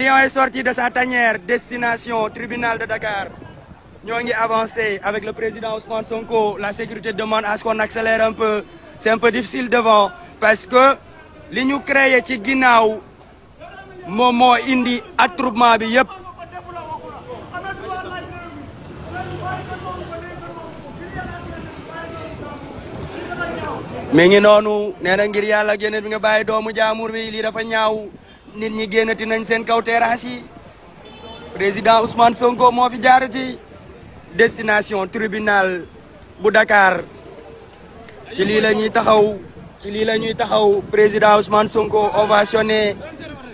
Lyon sorti de sa tanière destination tribunal de Dakar ñoo ngi avancé avec le président Ousmane Sonko la sécurité demande à ce qu'on accélère un peu c'est un peu parce que li ñu créé ci ginnaaw moom indi attroupement bi yëpp mi ngi noonu nee ngir yàlla génne bi nga bàyyi doomu jaamur bi lii dafa ñaaw nit ñi génnati nañ seen kaw terrasse yi président Ousmane Sonko moo fi jaar jaarati destination tribunal bu Dakar ci lii la ñuy taxaw lii la ñuy taxaw président Ousmane Sonko ovationné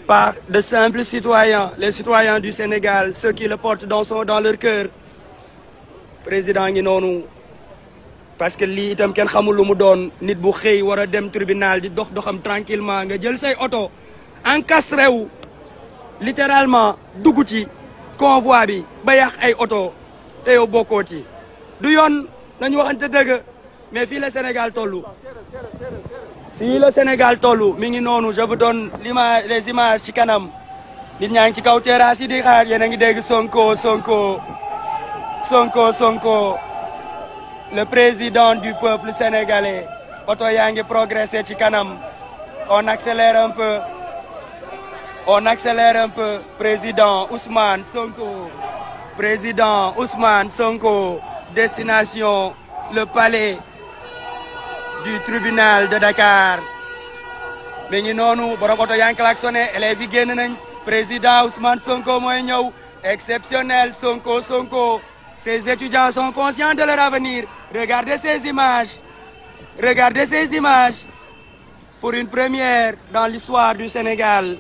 par de simples citoyens les citoyens du Sénégal ceux qui le portent dans son dans leur cœur président ngi noonu parce que lii itam kenn xamul lu mu doon nit bu xëy war a dem tribunal di dox doxam tranquillement nga jël say oto encastré wu littéralement dugg ci convoi bi ba ay oto te yow du yoon nañu waxante dëgg mais fii la Sénégal tollu fii la Sénégal tollu mi ngi noonu je vous donne l'image ci kanam nit ñaa ngi ci kaw terrasse yi di xaar yéen a ngi dégg Sonko Sonko Sonko Sonko le président du peuple sénégalais oto yaa ngi progressé ci kanam on accélère un peu on accélère un peu président Ousmane Sonko président Ousmane Sonko destination le palais du tribunal de Dakar mi ngi noonu borom oto yaa ngi klaxonné génn nañ président Ousmane Sonko mooy ñëw exceptionnel Sonko Sonko ces étudiants sont conscients de leur avenir regardez ces images images pour une première dans l'histoire du Sénégal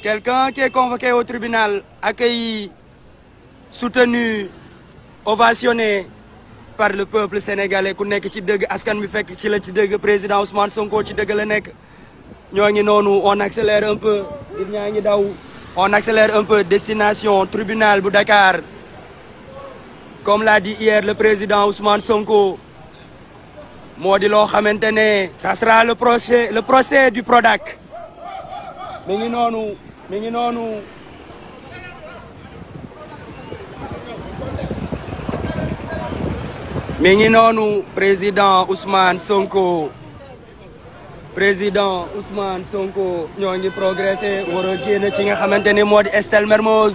Quelqu'un qui est convoqué au tribunal, accueilli, soutenu, ovationné par le peuple sénégalais ku nekk ci dëgg askan bi fekk ci la ci dëgg président Ousmane Sonko ci dëgg la nekk ñoo ngi noonu on accélère un peu ngi daw on accélère un peu destination tribunal bu Dakar comme l'a dit hier le président Ousmane Sonko moo di loo xamante ne ça le procès le du Prodac mi ngi noonu mi ngi noonu mi ngi noonu président Ousmane Sonko président Ousmane Sonko ñoo ngi progressé war a génn ci nga xamante ne moo di Estelle Mermoz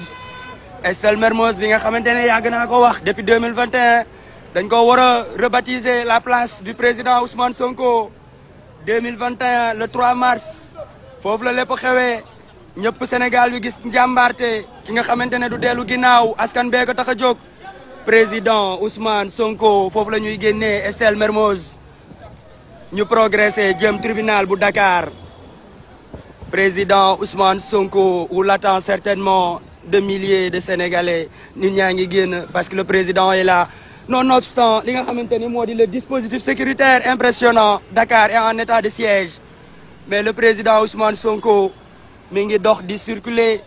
Estelle Mermoz bi nga xamante ne yàgg naa ko wax depuis 2021 dañ ko war a rebaptiser la place du président Ousmane Sonko 2021 le 3 mars foofu la lépp xewee ñëpp Sénégal yu gis njàmbaarte ki nga xamante ne du dellu ginnaaw askan bee ko tax a jóg président Ousmane Sonko foofu la ñuy génnee Estelle Mermoz ñu progressé jëm tribunal bu Dakar président Ousmane Sonko où l'attend certainement de milliers de Sénégalais ni ñaa ngi génn parce que le président est là nonobstant li nga xamante ni moo di le dispositif sécuritaire impressionnant Dakar est en état de siège mais le président Ousmane Sonko mi ngi dox di circuler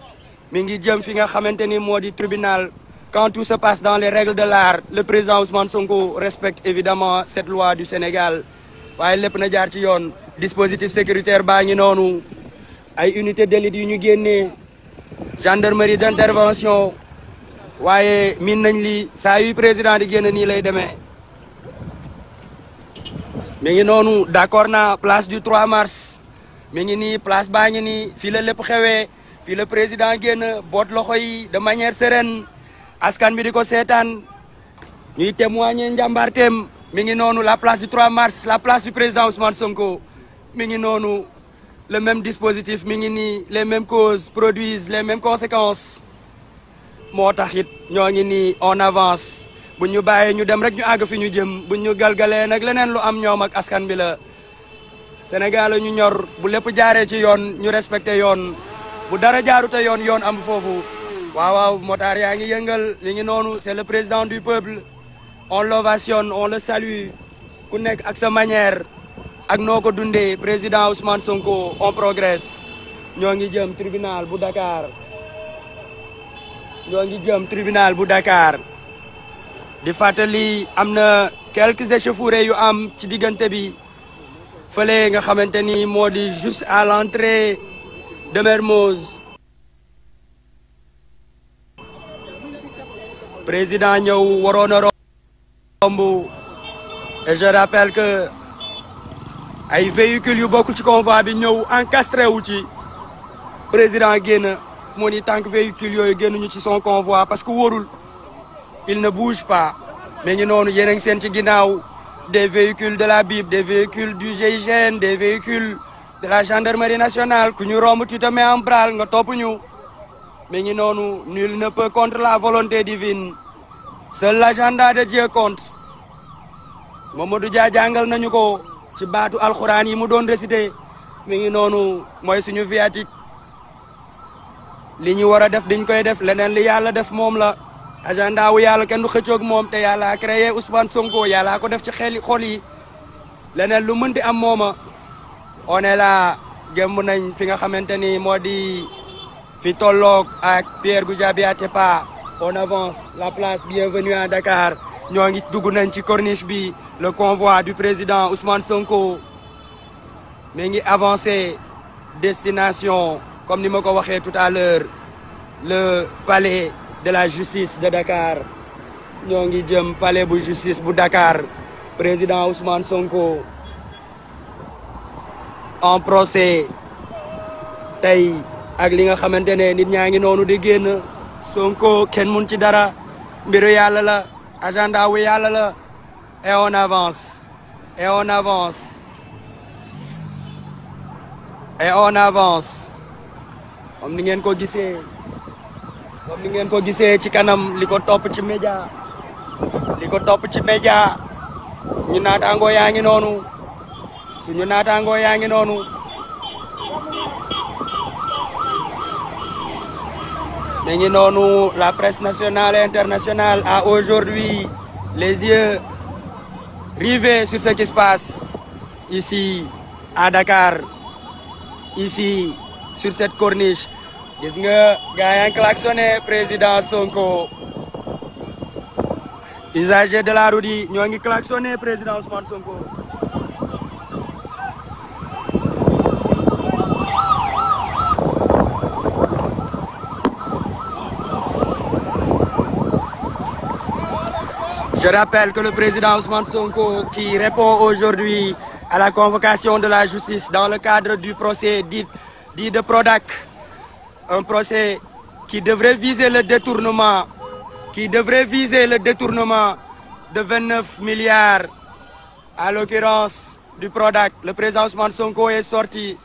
mi ngi jëm fi nga xamante ni moo di tribunal quand tout se passe dans les règles de l'art le président Ousmane Sonko respecte évidemment cette loi du Sénégal waaye lépp na jaar ci yoon dispositif sécuritaire baa ngi noonu ay unité d'élite yu ñu génnee gendarmerie d'intervention waaye min nañ li saa yuy président di génn nii lay demee mi ngi noonu d'accord na place du 3 mars mi ngi nii place baa ngi nii fii la lépp xewe fii la président génn boot loxo yi de manière sereine askan bi di ko seetaan ñuy témoigner njàmbaarteem mi ngi noonu la place du 3 mars la place du président Ousmane Sonko mi ngi noonu le même dispositif mi ngi nii les mêmes causes produisent les mêmes conséquences moo tax it ñoo ngi ni on avance bu ñu bàyyee ñu dem rek ñu àgg fi ñu jëm buñ ñu galgalee nag leneen lu am ñoom ak askan bi la Sénégal ñu ñor bu lépp jaaree ci yoon ñu respecté yoon bu dara jaarute yoon yoon am foofu waaw waaw motaar yaa ngi yëngal li ngi noonu c'est le président du peuple on lovation on le salue ku nekk ak sa manière ak noo ko dundee président Ousmane Sonko on progresse ñoo ngi jëm tribunal bu Dakar ñoo ngi jëm tribunal bu Dakar di fàttali am na quelques échauffourées yu am ci diggante bi fële nga xamante ni moo di juste à l'entrée de Mermoz président ñëw waroon a romb et je rappelle que ay véhicules yu bokk ci convoi bi ñëw encastré wu ci président génn moo ni tant que véhicules yooyu génnuñu ci son convoi parce que wóorul il ne bouge pas mais ngi noonu yéen a ngi seen ci ginnaaw des véhicules de la BIP des véhicules du GIGN des véhicules de la gendarmerie nationale ku ñu romb tu te mets en branle nga topp ñu mi ngi noonu nu ne peut contre la volonté divine seul l'agenda de Dieu compte Mamadou Dia jàngal nañu ko ci baatu alxuraan yi mu doon récité mi ngi noonu mooy suñu viatique li ñu war a def diñ koy def leneen li yàlla def moom la agenda wu yàlla kenn du xëccoog moom te yàlla créé Ousmane Sonko yàlla ko def ci xel xol yi leneen lu mën di am mooma on est là nañ fi nga xamante ni moo di fi tollook ak Pierre Goudiaby Atepa on avance la place bienvenue à Dakar ñoo ngi dugg nañ ci corniche bi le convoi du président Ousmane Sonko mi ngi avancé destination comme ni ma ko waxee tout à l'heure le palais de la justice de Dakar ñoo ngi jëm palais bu justice bu Dakar président Ousmane Sonko en procès tey ak li nga xamante ne nit ñaa ngi noonu di génn Sonko kenn mun ci dara mbiru yàlla la agenda wu yàlla la et on avance et on avance et on avance comme ni ngeen ko gisee comme ni ngeen ko gisee ci kanam li ko topp ci média li ko topp ci média ñu naataangoo yaa ngi noonu suñu naataangoo yaa ngi noonu ñu ngi noonu la presse nationale et internationale a aujourd'hui les yeux rivés sur ce qui ici à Dakar ici sur cette corniche gis nga gars yaa ngi klaxonné président Sonko usagers de la route yi ñoo ngi klaxonné président Ousmane Sonko. Je rappelle que le président Ousmane Sonko, qui répond aujourd'hui à la convocation de la justice dans le cadre du procès dit, dit de Prodac, un procès qui devrait viser le détournement, qui devrait viser le détournement de 29 milliards, à l'occurrence du PRODAC. Le président Ousmane Sonko est sorti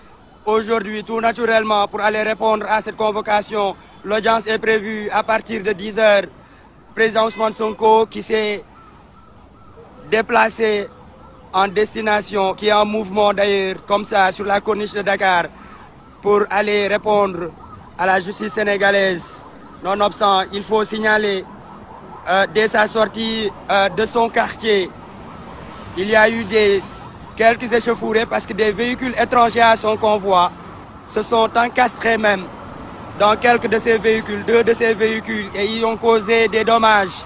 aujourd'hui tout naturellement pour aller répondre à cette convocation. L'audience est prévue à partir de 10 heures. Président Ousmane Sonko qui en destination, qui est en mouvement d'ailleurs, la corniche de Dakar, pour aller répondre à la justice sénégalaise. Nonobstant, il faut signaler, euh, dès sa sortie euh, de son quartier, il y a eu des, quelques échauffourées parce que des véhicules étrangers à son convoi se sont encastrés même dans quelques de ces véhicules, de ces véhicules, et y ont causé des dommages.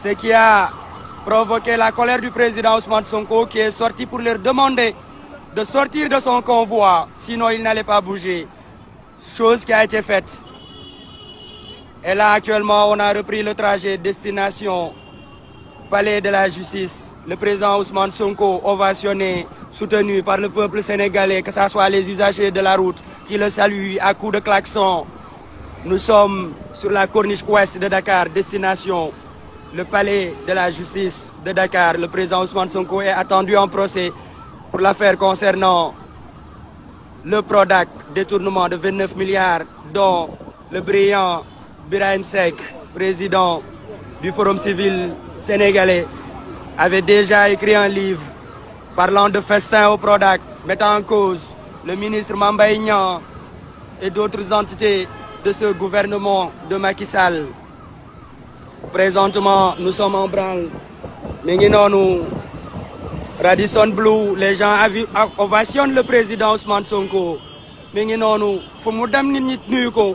Ce qui a provoqué la colère du président Ousmane Sonko qui est sorti pour leur demander de sortir de son convoi, sinon il n'allait pas bouger. chose qui a été faite. Et là, actuellement, on a repris le trajet destination Palais de la Justice. Le président Ousmane Sonko, ovationné, soutenu par le peuple sénégalais, que ce soit les usagers de la route qui le saluent à coups de klaxon. Nous sommes sur la corniche ouest de Dakar, destination le Palais de la Justice de Dakar. Le président Ousmane Sonko est attendu en procès pour l'affaire concernant le Prodac, détournement de 29 milliards, dont le brillant président du Forum civil sénégalais, avait déjà écrit un de festin au Prodac, le ministre Mambay Niang et d'autres entités de ce gouvernement de Macky Sall. Radisson Blu les gens ovationnent le président Ousmane Sonko mi ngi noonu fu mu dem ni ñi nuyu ko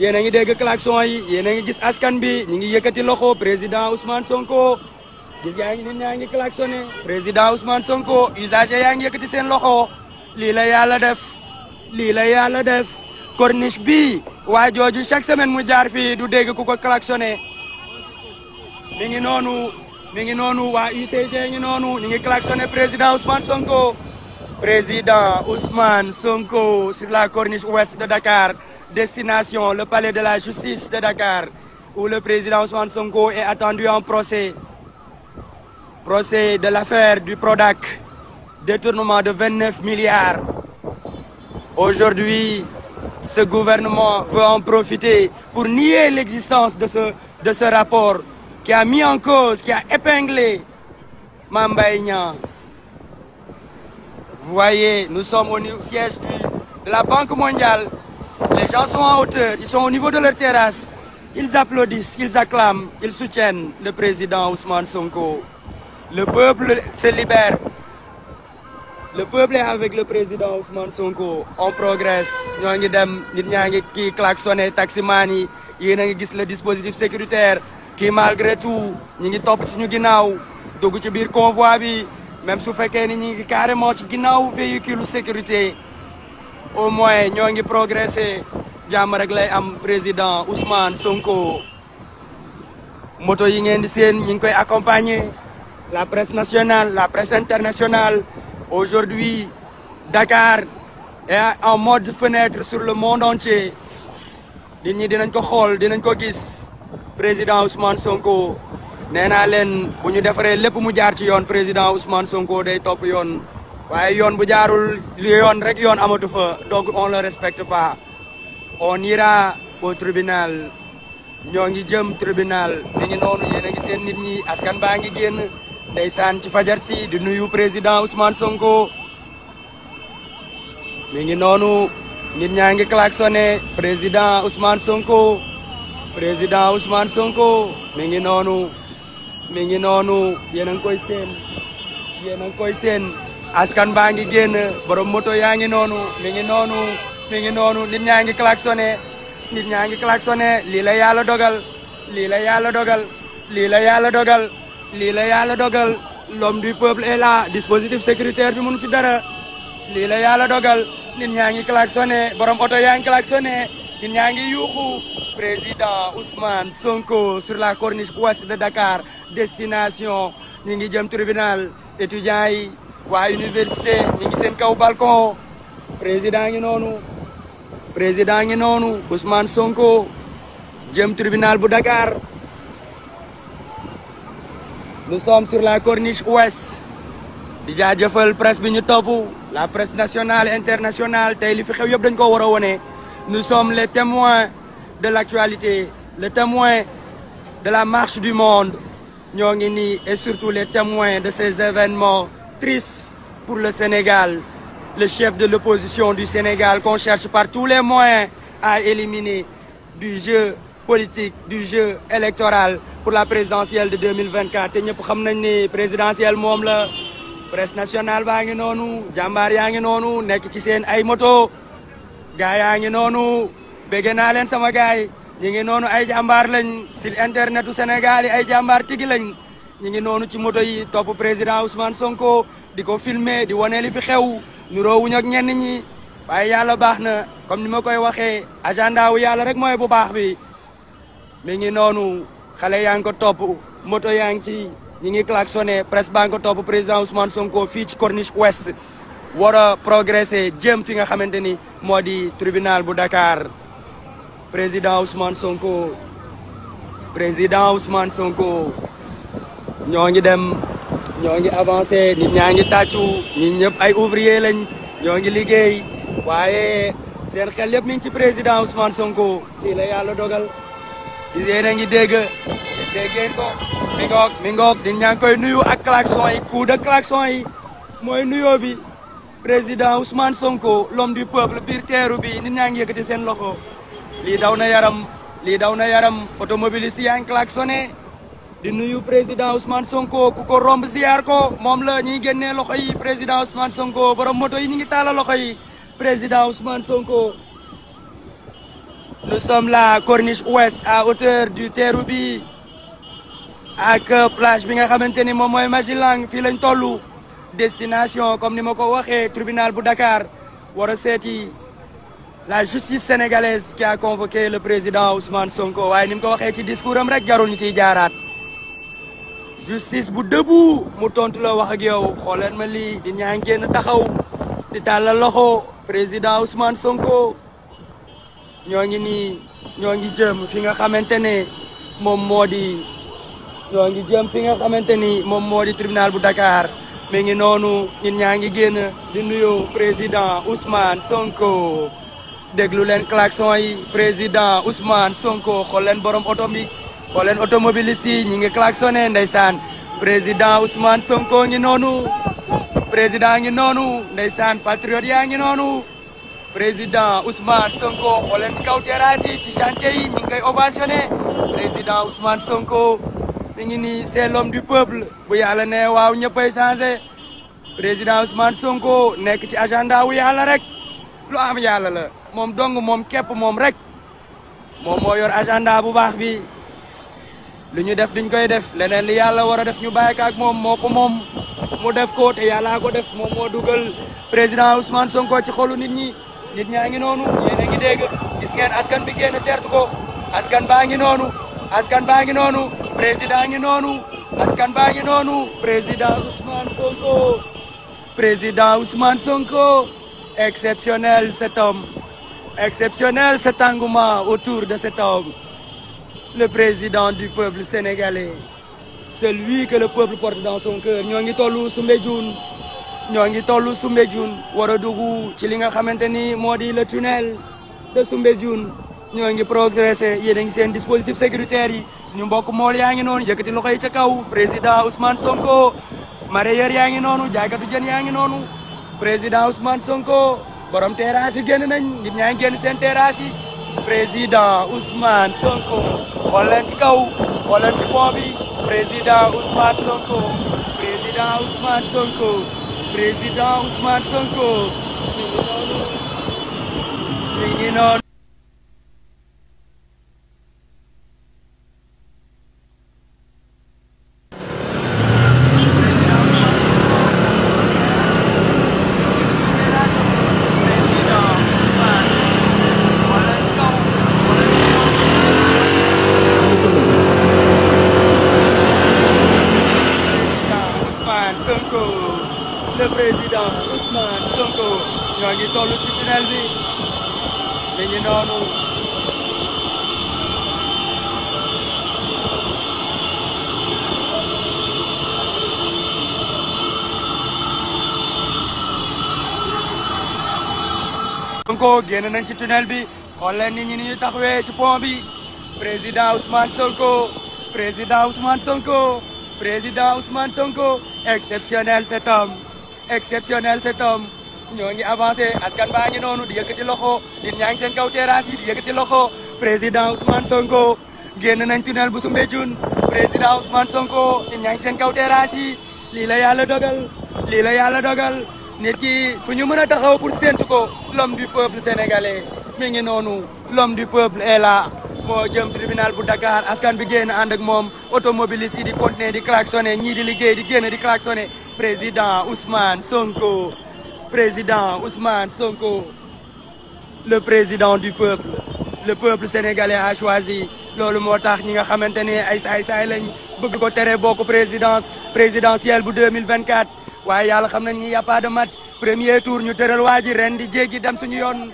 yéen a ngi dégg klaxon yi yéen a ngi gis askan bi ñi ngi yëkkati loxo président Ousmane Sonko gis yaa ngi ñaa ngi klaxonné président Ousmane Sonko usager yaa ngi yëkkati seen loxo lii la yàlla def lii la yàlla def corniche bi waa jooju chaque semaine mu jaar fi du dégg ku ko klaxonné mi ngi noonu mi ngi noonu waa UCG ngi président Ousmane Sonko président Ousmane Sonko sur la corniche ouest de destination le palais de la justice de Dakar le président Ousmane Sonko est attendu en procès procès de l'affaire du Prodac détournement de 29 milliards aujourd'hui ce gouvernement veut en profiter pour nier l'existence de de ce rapport qui a mis en cause, qui a épinglé voyez, nous sommes au siège de la Banque mondiale. Les gens sont en hauteur, ils sont au niveau de leur terrasse. Ils applaudissent, ils acclament, soutiennent le président Ousmane Sonko. Le peuple se libère. Le peuple est avec le président Ousmane Sonko. On progresse. Nous avons des gens qui klaxonnent, taximani. Nous avons le dispositif sécuritaire. qui malgré tout ñi ngi topp suñu ginnaaw dugg ci biir convoi bi même su fekkee ni ñi ngi carrément ci ginnaaw véhicule sécurité au moins ñoo ngi progressé jàmm rek lay am président Ousmane Sonko. moto yi ngeen di seen ñi ngi koy accompagner la presse nationale la presse internationale aujourd'hui Dakar est en mode fenêtre sur le monde entier nit ñi dinañ ko xool dinañ ko gis. président Ousmane Sonko nee naa leen bu ñu defaree lépp mu jaar ci yoon président Ousmane Sonko day top yoon waaye yoon bu jaarul li yoon rek yoon amatu fa donc on le respecte pas on ira au tribunal ñoo ngi jëm tribunal ni ngi noonu yéen a ngi seen nit ñi askan baa ngi génn ndeysaan ci fajar si di nuyu président Ousmane Sonko mi ngi noonu nit ñaa ngi klaxonné président Ousmane Sonko président Ousmane Sonko mi ngi noonu mi ngi noonu yéen a ngi koy seen yéen koy seen askan baa ngi génn borom moto yaa ngi noonu mi ngi noonu mi ngi noonu nit ñaa ngi klaxonné nit ñaa ngi klaxonné lii la yàlla dogal lii la yàlla dogal lii la yàlla dogal lii la yàlla dogal l'homme du peuple est là dispositif sécuritaire bi munu ci dara lii la yàlla dogal nit ñaa ngi klaxonné borom oto yaa ngi klaxonné nit ñaa ngi yuuxu président Ousmane Sonko sur la corniche ouest de Dakar destination ñi ngi jëm tribunal étudiants yi waa université ñi ngi kaw balcon président ngi noonu président ngi noonu Ousmane Sonko jëm tribunal bu Dakar nous sommes sur la corniche ouest di jaajëfal presse bi ñu topp la presse nationale internationale tey li fi xew yëpp dañ ko war a wone nous sommes les témoins de l'actualité les témoins de la marche du monde ñoo ngi nii et surtout les témoins de ces événements tristes pour le Sénégal le chef de l'opposition du Sénégal qu'on par tous les moyens à éliminer du jeu politique du jeu électoral pour la présidentielle de 2024 te ñëpp xam nañ ni présidentielle moom la presse nationale ngi noonu jàmbaar yaa ngi noonu nekk ci seen ay moto gaa yaa ngi noonu bége naa leen sama gars ñi ñu ngi noonu ay jàmbaar lañ sur internetu Sénégal yi ay jàmbaar tigi lañ ñu ngi noonu ci moto yi topp président Ousmane Sonko di ko filmer di wane li fi xew nuroowuñ ak ñenn ñi waaye yàlla baax na comme ni ma koy waxee agenda wu yàlla rek mooy bu baax bi mi ngi noonu xale yaa ngi ko topp moto yaa ngi ci ñu ngi klaxonné presse baa ngi ko topp président Ousmane Sonko fii ci corniche ouest war a progresser jëm fi nga xamante ni moo di tribunal bu Dakar. président Ousmane Sonko président Ousmane Sonko ñoo ngi dem ñoo ngi avancé nit ñaa ngi tàccu ñi ñëpp ay ouvrier lañ ñoo ngi liggéey waaye seen xel yëpp mi ngi ci président Ousmane Sonko lii la yàlla dogal yéen a ngi dégg déggeen ko mi ngoog mi ñaa ngi koy nuyu ak klaxon yi coup de klaxon yi mooy nuyoo bi président Ousmane Sonko l'homme du peuple biir teeru bi nit ñaa ngi yëkkati seen loxo lii daw na yaram lii daw na yaram automobiliste yaa ngi klaxonné di nuyu président Ousmane Sonko ku ko romb ziar ko moom la ñuy génnee loxo yi président Ousmane Sonko borom moto yi ñu ngi tàllal loxo yi président Ousmane Sonko. nous sommes là corniche ouest à hauteur du Terrou-Bi ak plage bi nga xamante ni moom mooy Magellan fii lañ tollu destination comme ni ma ko waxee tribunal bu Dakar war a seeti. la justice sénégalaise qui a convoqué le président Ousmane Sonko waaye ni mu ko waxee ci discours am rek jarul ñu ciy jaaraat justice bu debout mu tontu la wax ak yow xooleen ma lii di ñaa génn taxaw di tàllal loxo président Ousmane Sonko ñoo ngi ni ñoo ngi jëm fi nga xamante ne moom moo di ñoo ngi jëm fi nga xamante ni moom moo di tribunal bu Dakar mi ngi noonu ñun ñaa ngi génn di nuyu président Ousmane Sonko. déglu leen klaxon yi président Ousmane Sonko xool leen borom oto bi xool leen automobiliste yi ñi ngi klaxonné ndeysaan président Ousmane Sonko ngi noonu président ngi noonu ndeysaan patriote yaa ngi noonu président Ousmane Sonko xool leen ci kaw ci chantier yi ñi ngi président Ousmane Sonko mi ngi nii c'est l'homme du peuple bu yàlla ne waaw ñëppay changé président Ousmane Sonko nekk ci agenda wu yàlla rek lu am yàlla la. moom dong moom képp moom rek moom moo yor agenda bu baax bi lu ñu def duñ koy def leneen li yàlla war a def ñu bàyyi ko moom moo ko moom mu def ko te yàllaa ko def moom moo dugal président Ousmane Sonko ci xolu nit ñi nit ñaa ngi noonu yéen a gis ngeen askan bi génn teertu ko askan baa ngi noonu askan baa ngi noonu président ngi noonu askan baa ngi noonu président Ousmane Sonko président Ousmane Sonko exceptionnel cet Exceptionnel cet engouement autour de cet homme, le président du peuple sénégalais. Celui que le peuple porte dans son cœur ñoo ngi tollu Soumbédioune ñoo ngi tollu Soumbédioune war a dugg ci li nga xamante ni moo di le tunnel de Soumbédioune ñoo ngi progressé yéen a ngi seen dispositif sécuritaire yi suñu mbokk mool yaa ngi noonu yëkkati loxo yi ca kaw président Ousmane Sonko mareyeur yaa ngi noonu jaaykatu jën yaa ngi noonu président Ousmane Sonko borom terrasse yi génn nañ nit ñaa ngi génn seen terrasse yi président Ousmane Sonko xool leen ci kaw xool leen ci pont bi président Ousmane Sonko président Ousmane Sonko président Ousmane Sonko mi ngi noonu mi noonu Sonko nañ ci tunnel bi xool leen nit ñi ni ñu taxawee ci pont bi président Ousmane Sonko président Ousmane Sonko président Ousmane Sonko exceptionnel cet homme exceptionnel cet homme ñoo ngi avancé askan baa ngi noonu di yëkkati loxo nit ñaa ngi seen kaw terrasse di yëkkati loxo président Ousmane Sonko génn nañ tunnel bu Soumbédioune président Ousmane Sonko nit ñaa ngi seen kaw terrasse yi lii la yàlla dogal lii la yàlla dogal nit ki fu ñu mën a taxaw pour séntu ko l'homme du peuple sénégalais mi ngi noonu l'homme du peuple est moo jëm tribunal bu Dakar askan bi génn ànd ak moom automobiliste yi di continuer di klaxonné ñii di liggéey di génn di klaxonné président Ousmane Sonko président Ousmane Sonko le président du peuple le peuple sénégalais a choisi loolu moo tax ñi nga xamante ne ay saay-saay lañ bëgg ko tere bokk présidence présidentielle bu 2024 waaye yàlla xam nañ ni a pas de match premier tour ñu tëral waa ji ren di jéggi dem suñu yoon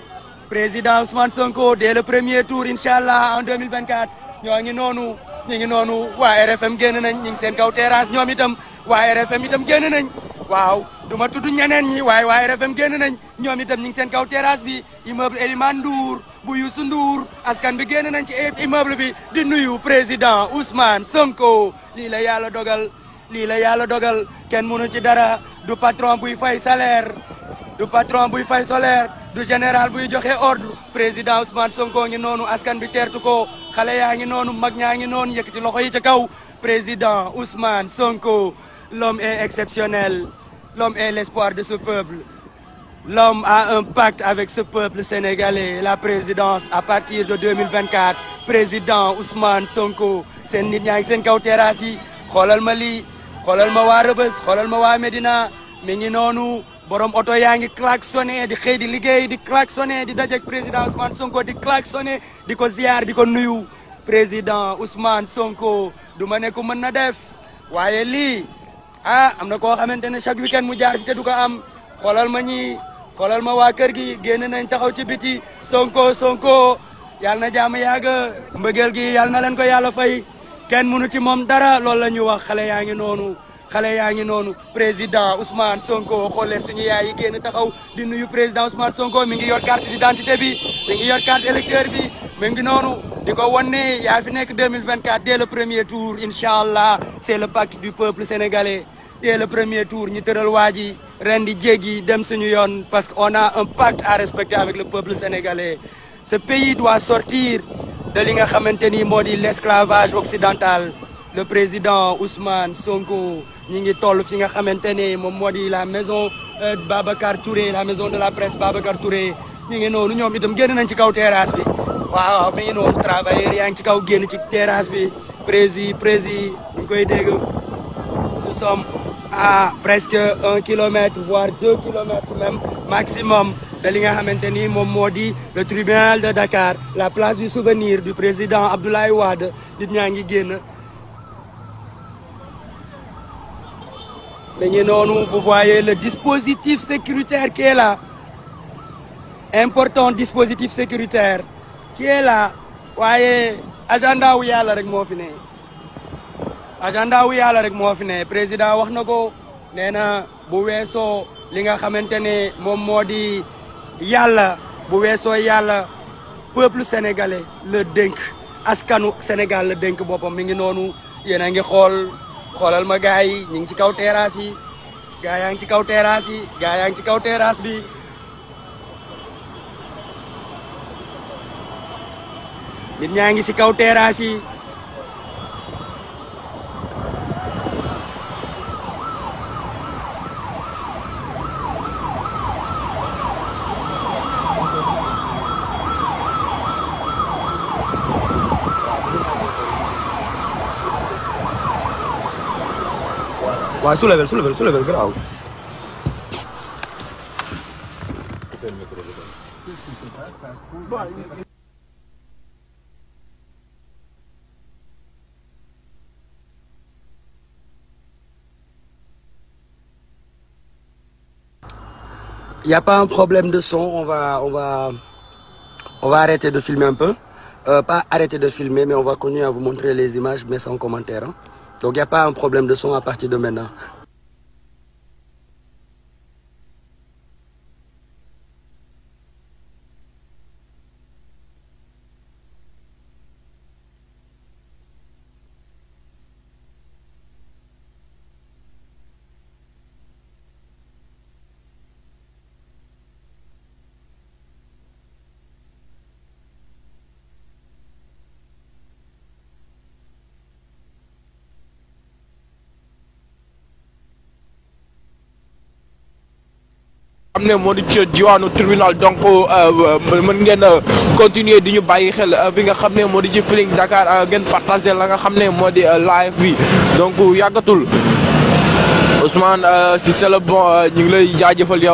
président Ousmane Sonko dès le premier tour incha allah en 2024 ñoo ngi noonu ñu ngi noonu waa RFM génn nañ ñu seen kaw terrasse ñoom itam waa RFM itam génn nañ waaw du ma tudd ñeneen ñi waaye waaye RFM génn nañ ñoom itam ñi ngi seen kaw terrasse bi immeuble Elimane Ndour bu Youssou Ndour askan bi génn nañ ci immeuble bi di nuyu président Ousmane Sonko lii la yàlla dogal lii la yàlla dogal kenn mënu ci dara du patron buy fay salaire du patron buy fay salaire du général buy joxe ordre président Ousmane Sonko ngi noonu askan bi teertu ko xale yaa ngi noonu mag ñaa ngi noonu yëkkati loxo yi ci kaw président Ousmane Sonko L'homme est exceptionnel. L'homme est l'espoir de ce peuple. L'homme a un pacte avec ce peuple sénégalais. La présidence à partir de 2024 président Ousmane Sonko seen nit ñaa ngi seen kaw terrasse yi xoolal ma li xoolal ma waa Rëbës xoolal ma waa Medina mi ngi noonu borom oto yaa ngi sonne di xëy di liggéey di klaxonné di dajeeg président Ousmane Sonko di klaxonné di ko ziar di ko nuyu président Ousmane Sonko du ma ne ko mën na def waaye ah am na koo xamante ne chaque weekend mu jaar fi te du ko am xoolal ma ñi xoolal ma waa kër gi génn nañ taxaw ci biti sonko sonko yal na jaam yàgg mbëggeel gi yàlla na leen ko yàlla fay kenn mënu ci moom dara loolu la ñu wax xale yaa ngi noonu xale yaa ngi noonu président Ousmane Sonko xool leen suñu yaay yi génn taxaw di nuyu président Ousmane Sonko mi ngi yor carte d'identité bi mi ngi yor carte électeur bi mi ngi noonu di ko wan ne yaa fi nekk 2024 mille vingt premier tour incha allah c'est le pacte du peuple dès le premier tour ñu tëral waa ji ren di jéggi dem suñu yoon parce que on a un pacte à respecter avec le peuple sénégalais ce pays doit sortir de li nga xamante ni moo di l'esclavage occidental le président Ousmane Sonko ñi ngi toll fi nga xamante ne moom moo di la maison euh, Babacar Touré la maison de la presse Babacar Touré ñu ngi noonu ñoom itam génn nañ ci kaw terrasse bi waaw mi ngi noonu travailleur yaa ngi ci kaw génn ci terrasse bi prési prési ñu koy dégg nous sommes à presque un kilomètre voire deux kilomètres même maximum de li nga xamante ni moom moo di le tribunal de Dakar la place du souvenir du président Abdoulaye Wade nit ñaa ngi génn mais ñu noonu vous voyez le dispositif sécuritaire qui est là important dispositif sécuritaire qui est là waaye agenda wu yàlla rek moo fi agenda wu yàlla rek moo fi ne président wax na ko nee na bu weesoo li nga xamante ne moom moo di yàlla bu weesoo yàlla peuple sénégalais la dénk askanu Sénégal la dénk boppam mi ngi noonu yéen a ngi xool xoolal ma gars yi ñu ngi ci kaw terrasse yi gars yaa ngi ci kaw terrasse yi gars yaa ngi ci kaw terrasse bi nit ñaa ngi ci kaw terrasse yi waaw soulevel n'y a pas un problème de son, on va, on va, on va arrêter de filmer un peu. Euh, pas arrêter de filmer, mais on va continuer à vous montrer les images, mais sans commentaire. Donc il n'y a pas un problème de son à partir de maintenant. am ne moo di ci diwaanu tribunal donc euh, euh, mën ngeen euh, continuer di ñu bàyyi xel bi nga xam ne moo di ci Feeling Dakar ngeen partagé la nga xam ne moo di live bi donc yàggatul Ousmane si c'est le bon ñu ngi lay jaajëfal yow.